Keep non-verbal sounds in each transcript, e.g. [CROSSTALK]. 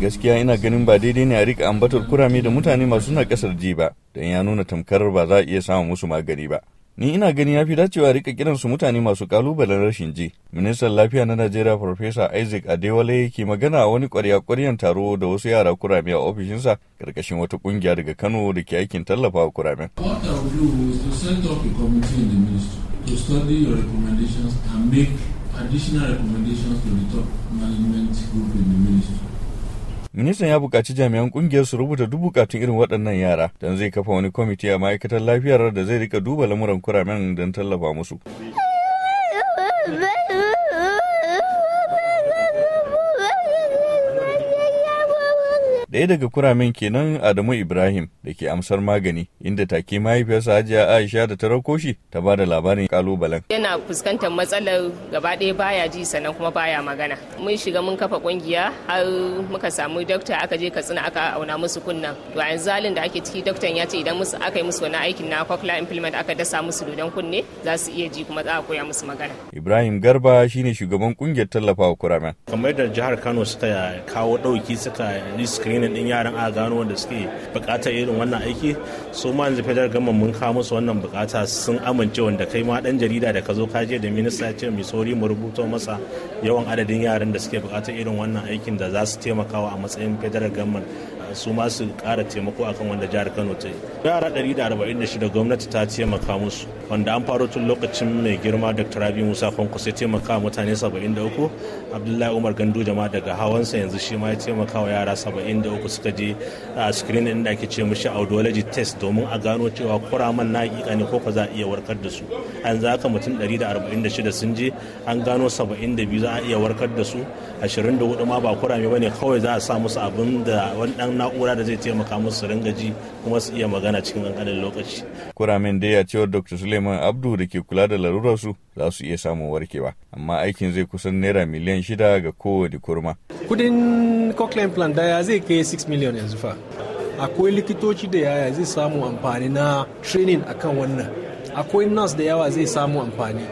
gaskiya ina ganin ba daidai ne a rika ambatar kurame da mutane masu na kasar ji ba don ya nuna tamkarar ba za a iya samun musu magani ba ni ina gani ya fi dacewa rika kiransu mutane masu kalubalen rashin ji ministan lafiya na najeriya farfesa isaac adewale yake magana a wani kwarya kwaryan taro da wasu yara kurame a ofishinsa karkashin wata kungiya daga kano da ke aikin tallafa wa to study your recommendations and make additional recommendations to the top management group in the ministry. ministan ya bukaci jami'an ƙungiyar su rubuta duk bukatun irin waɗannan yara don zai kafa wani kwamiti a ma'aikatar lafiyar da zai rika duba lamuran kuramen don tallafa musu. [LAUGHS] Ɗaya daga kuramen kenan Adamu Ibrahim da ke amsar magani inda take mahaifiyarsa Hajiya Aisha da ta rauko shi ta ba da labarin kalubalen. Yana fuskantar matsalar gaba ɗaya baya ji sannan kuma baya magana. Mun shiga mun kafa kungiya har muka samu dokta aka je Katsina aka auna musu kunnan. To a yanzu halin da ake ciki doktan ya ce idan musu aka yi musu wani aikin na cochlear implant aka dasa musu dodon kunne za su iya ji kuma za a koya musu magana. Ibrahim Garba shi ne shugaban kungiyar tallafawa kuramen. Kamar da jihar Kano suka kawo ɗauki suka yi domin din yaran a gano wanda suke bukatar irin wannan aiki su ma yanzu federal government mun kawo musu wannan bukata sun amince wanda kai ma dan jarida da ka zo ka je da minista ce mai sauri mu rubuto masa yawan adadin yaran da suke bukatar irin wannan aikin da za su taimakawa a matsayin federal government su ma su kara taimako akan wanda jihar Kano ta yi. Yara 146 gwamnati ta taimaka musu wanda an faro tun lokacin mai girma Dr. Rabi Musa fanko sai taimaka mutane 73 Abdullahi Umar Gandu jama daga hawansa yanzu shi ma ya taimaka wa yara 73 suka je a screen inda da ake ce mishi audiology test domin a gano cewa kuraman na hakika ne ko ka za a iya warkar da su. An za mutum 146 sun je an gano 72 za a iya warkar da su ashirin 24 ma ba kurame bane kawai za a sa musu abin da wani dan na'ura da zai taimaka musu su ringa ji kuma su iya magana cikin ƙanƙanin lokaci. Kuramin da ya cewa Dr. Suleiman Abdu da ke kula da larurarsu za su iya samun warkewa, amma aikin zai kusan naira miliyan shida ga kowane kurma. Kudin cochlear Plan daya zai kai 6 miliyan yanzu fa. Akwai likitoci da yaya zai samu amfani na training akan wannan. Akwai nurse da yawa zai samu amfani.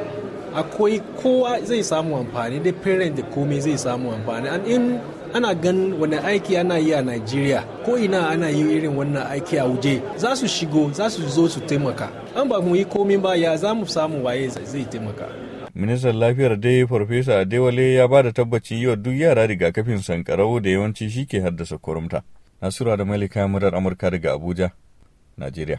akwai kowa zai samu amfani da parent da komai zai samu amfani and in ana gan wani aiki ana yi a Najeriya ko ina ana yi irin wannan aiki a waje za su shigo za su zo su taimaka an ba mu yi komai ba ya za mu samu waye zai taimaka ministan lafiyar dai farfesa adewale ya ba da tabbaci wa duk yara rigakafin sankarau da yawanci shi ke haddasa kurumta nasura da malika murar amurka daga abuja najeriya